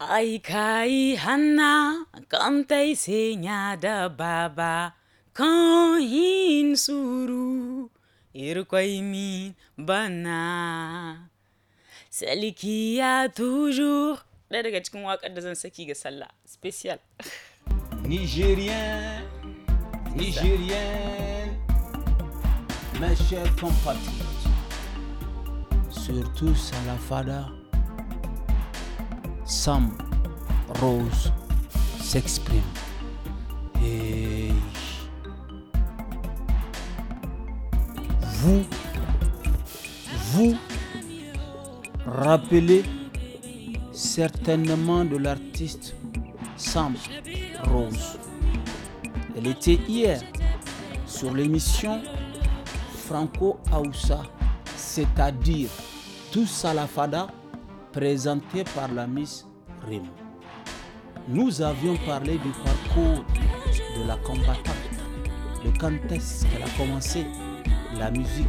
Aikai hana kante Seigneur da baba kahin suru irkwaimin bana a toujours je daga cikin faire da zan saki ga là Spécial. nigérien nigérien mes chers compatriotes surtout salafada Sam Rose s'exprime. Et vous, vous rappelez certainement de l'artiste Sam Rose. Elle était hier sur l'émission Franco Aoussa, c'est-à-dire tout Fada présenté par la Miss Rime Nous avions parlé du parcours de la combattante, de quand qu'elle a commencé la musique.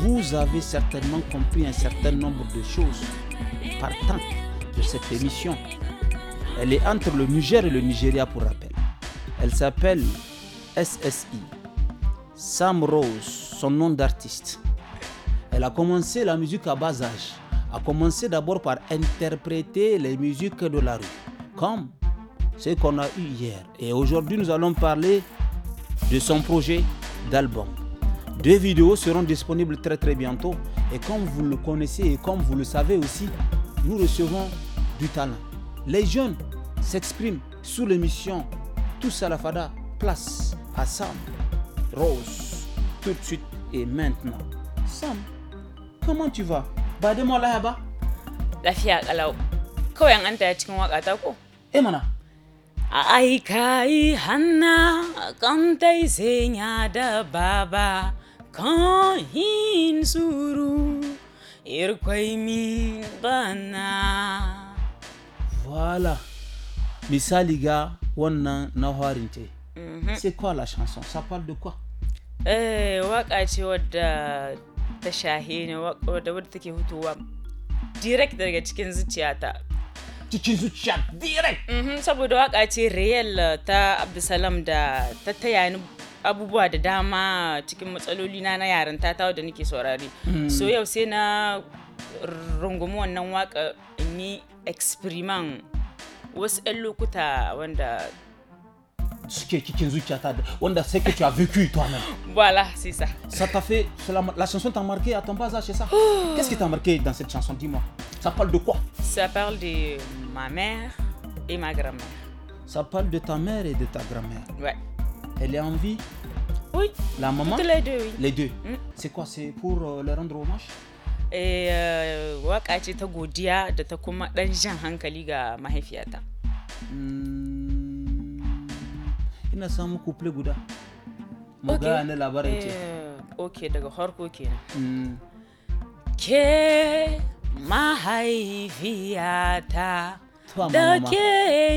Vous avez certainement compris un certain nombre de choses partant de cette émission. Elle est entre le Niger et le Nigeria pour rappel. Elle s'appelle SSI, Sam Rose, son nom d'artiste. Elle a commencé la musique à bas âge a commencé d'abord par interpréter les musiques de la rue, comme ce qu'on a eu hier. Et aujourd'hui, nous allons parler de son projet d'album. Deux vidéos seront disponibles très très bientôt. Et comme vous le connaissez et comme vous le savez aussi, nous recevons du talent. Les jeunes s'expriment sous l'émission Tous à la Fada, place à Sam, Rose, tout de suite et maintenant. Sam, comment tu vas ba da mallaha ba lafiya kalau kawai an anta cikin waka ta ko eh mana ai kai hanna kan tai senya da baba kan hin suru irkwai mi bana voilà misali ga wannan na harin ce mhm. c'est quoi la chanson ça parle de quoi eh waka ce wadda ta shahe ne wadda wadda take hutuwa direct daga cikin zuciyata cikin zuciya direct mhm, saboda waka ce real ta abdulsalam da ta taya ni abubuwa da dama cikin matsaloli na na yaren ta da nake saurari hmm. so yau sai na rungumi wannan waka in yi experiment wasu 'yan lokuta wanda ce que tu as vécu toi-même. Voilà, c'est ça. Ça t'a fait. La, chanson t'a marqué à ton bas âge, c'est ça oh. Qu'est-ce qui t'a marqué dans cette chanson Dis-moi. Ça parle de quoi Ça parle de ma mère et ma grand-mère. Ça parle de ta mère et de ta grand-mère Ouais. Elle est en vie Oui. La maman les deux, oui. Les deux. Mm. C'est quoi C'est pour le euh, leur rendre hommage Et euh, waka ce ta godiya na samu kuple guda mu grand labarin eh, ok daga harko mm. ke da ke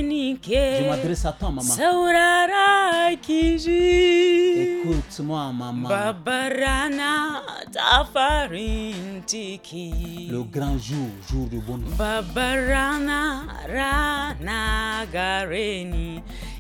ni ke saurara e babbar rana farin le grand jour jour de bonheur rana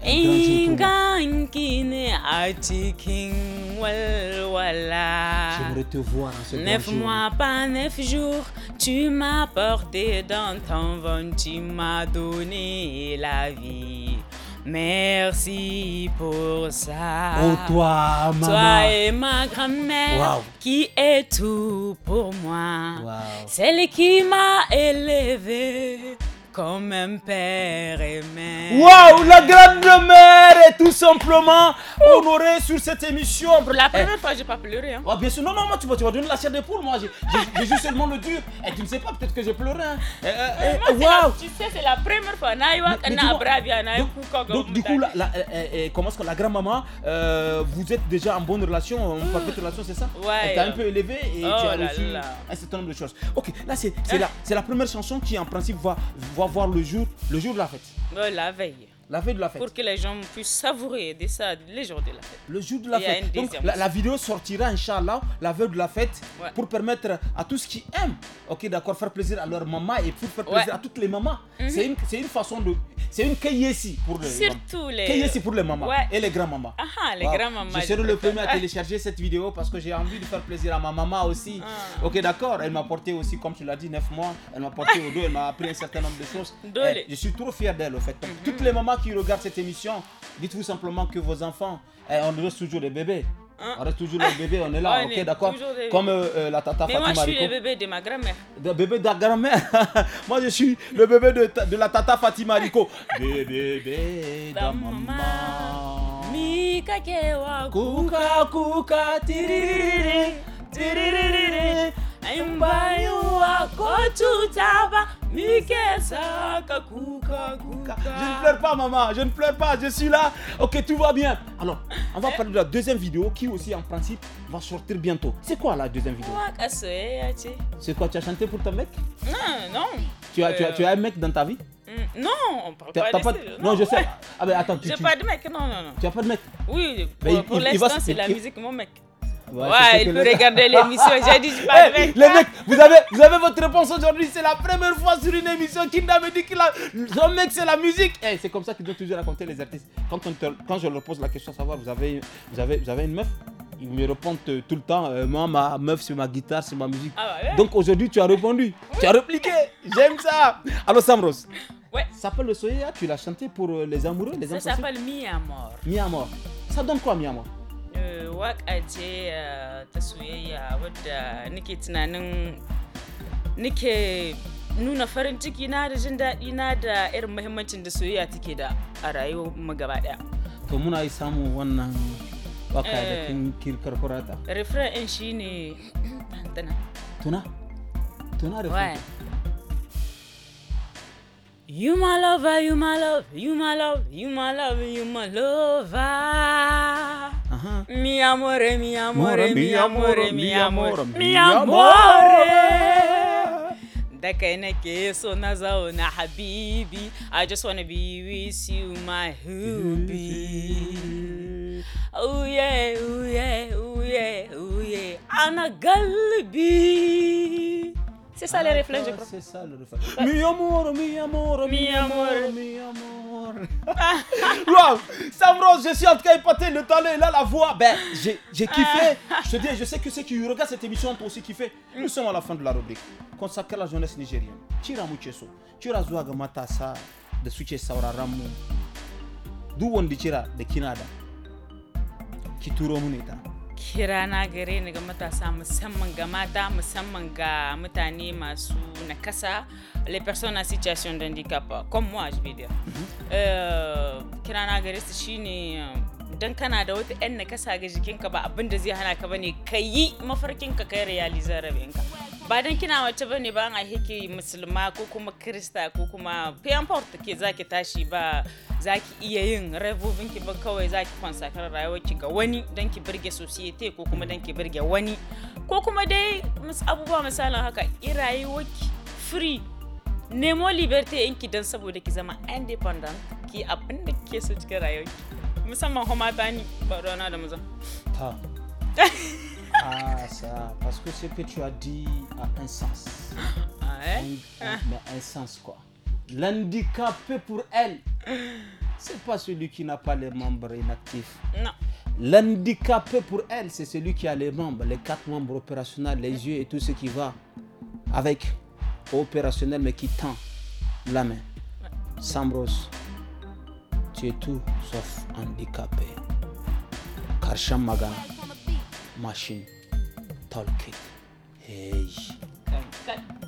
Ingankine Atikin Walwala. J'aimerais te voir ce Neuf mois pas neuf jours, tu m'as porté dans ton ventre, tu m'as donné la vie. Merci pour ça. Oh, toi, et ma grand-mère qui est tout pour moi. C'est Celle qui m'a élevée comme un père et mère. Waouh, la grande mère tout simplement. Honoré sur cette émission. Pour la eh. première fois, j'ai pas pleuré. Hein. Oh, bien sûr, non, non, moi, tu vas, tu vas donner la chair de poule. Moi, j'ai juste seulement le dur. Et eh, tu ne sais pas, peut-être que j'ai pleuré. Hein. Eh, wow. tu sais, c'est la première fois. donc, du coup, la, comment la grand-maman, euh, vous êtes déjà en bonne relation, en mmh. relation, c'est ça Ouais. Elle un peu élevé et tu oh as reçu un certain nombre de choses. Ok, là, c'est hein? la, la première chanson qui, en principe, va, va voir le jour, le jour de la fête. Oh, la veille de la Pour que les gens puissent savourer de ça les jours de la fête. Le jour de la fête. Donc, la, vidéo sortira, Inch'Allah, la veille de la fête pour permettre à tous qui aiment, ok, d'accord, faire plaisir à leur maman et pour faire plaisir à toutes les mamans. Mhm. C'est une façon de c'est une ici e pour les Surtout les... E pour les mamans et les ah, ah, grands-mamans. Je serai le premier à télécharger cette vidéo parce que j'ai envie de faire plaisir à ma maman aussi. Ah. Ok, d'accord. Elle m'a porté aussi, comme tu l'as dit, 9 mois. Elle m'a porté au dos. Elle m'a appris un certain nombre de choses. Eh, je suis trop fier d'elle, En fait. Mhm. toutes les mamans qui regardent cette émission, dites-vous simplement que vos enfants, eh, on reste toujours des bébés. Hein? On reste toujours les bébés, on est là, on ok, d'accord Comme euh, euh, la tata Mais Moi, je suis Rico. le bébé de ma grand-mère. Le bébé de la grand-mère Moi, je suis le bébé de, ta, de la tata Fatima Rico. bébé de maman. Mika kewa kuka kuka tiririri tiririri. Imbayu wako tutaba. Je ne pleure pas, maman, je ne pleure pas, je suis là. Ok, tout va bien. Alors, on va parler de la deuxième vidéo qui aussi, en principe, va sortir bientôt. C'est quoi la deuxième vidéo C'est quoi Tu as chanté pour ton mec Non, non. Tu as, tu, as, un mec dans ta vie mm, non, on parle pas, de pas Non, non, je sais. Ah, ben attends, tu. J'ai pas de mec, non, non, non. Tu n'as pas de mec Oui, pour, pour l'instant, c'est la musique, mon mec. Ouais, il peut regarder l'émission. J'ai dit, je Les mecs, vous avez, vous avez votre réponse aujourd'hui. C'est la première fois sur une émission Qu'il me dit que le mec, c'est la musique. c'est comme ça qu'ils doivent toujours raconter les artistes. Quand, quand je leur pose la question, savoir, vous avez, vous avez, vous avez une meuf ils me répondent euh, tout le temps, euh, moi, ma meuf, c'est ma guitare, c'est ma musique. Ah, bah Donc aujourd'hui, tu as répondu, tu as répliqué, j'aime ça. Alors Samros, ouais. ça s'appelle le Soya, tu l'as chanté pour euh, les amoureux, les Ça s'appelle Mi Amor. Mi Amor. Ça donne quoi, Mi Amor waƙa ce eh, ta soyayya wadda nake tunanin nake nuna farin ciki na da jin daɗi na da irin muhimmancin da soyayya take da a rayuwar mu gaba ɗaya. To muna yi samun wannan waka da eh, kin kirkar kurata. Refrain ɗin shi ne tuna. Tuna? Tuna refrain. You my lover, you my love, you my love, you my love, you my lover. Mi amore, mi amore, mi amore, mi amore, amore. na habibi I just wanna be with you my hubby Oh yeah, oh yeah, oh yeah, oh yeah Ana galbi C'est ça les ah, refrains je crois C'est ça le amore, mi amore, amore, amore wow, Samros, je suis en train épaté le talent il là la voix. Ben, j'ai euh. kiffé. Je te dis, je sais que ceux qui regardent cette émission ont aussi kiffé. Nous sommes à la fin de la rubrique consacrée à la jeunesse nigérienne. Tira Mucheso, Tira Zouaga Matasa. de Suche Saura Ramu, Douwon de Tira de Kinada, Kituro Muneta. kirana gare ni ga matasa musamman ga mata musamman ga mutane masu nakasa les personnes en situation de handicap comme moi je veux dire mhm. euh, kirana gare su shine don kana da wata 'yan nakasa ga jikinka ba abin da zai hana ka bane ka yi mafarkin ka kai realizar rabinka ba don kina mace ba ne ba a hiki musulma ko kuma krista ko kuma piyanport ke zaki tashi ba zaki iya yin rabobinki ba kawai zaki kwansakar ki ga wani don ki birge societe ko kuma don ki birge wani ko kuma dai abubuwa misalin haka i rayuwarki free nemo liberty yanki don saboda ki zama independent ki abin da kike so cikin rayuwarki ah ça, parce que ce que tu as dit a un sens. Ah, eh? un, mais un sens quoi. L'handicapé pour elle, c'est pas celui qui n'a pas les membres inactifs. Non. L'handicapé pour elle, c'est celui qui a les membres, les quatre membres opérationnels, les yeux et tout ce qui va avec opérationnel mais qui tend la main. Sambrose. Türkiye tout sauf Karşam magan, machine, talking. Hey. Dikkat.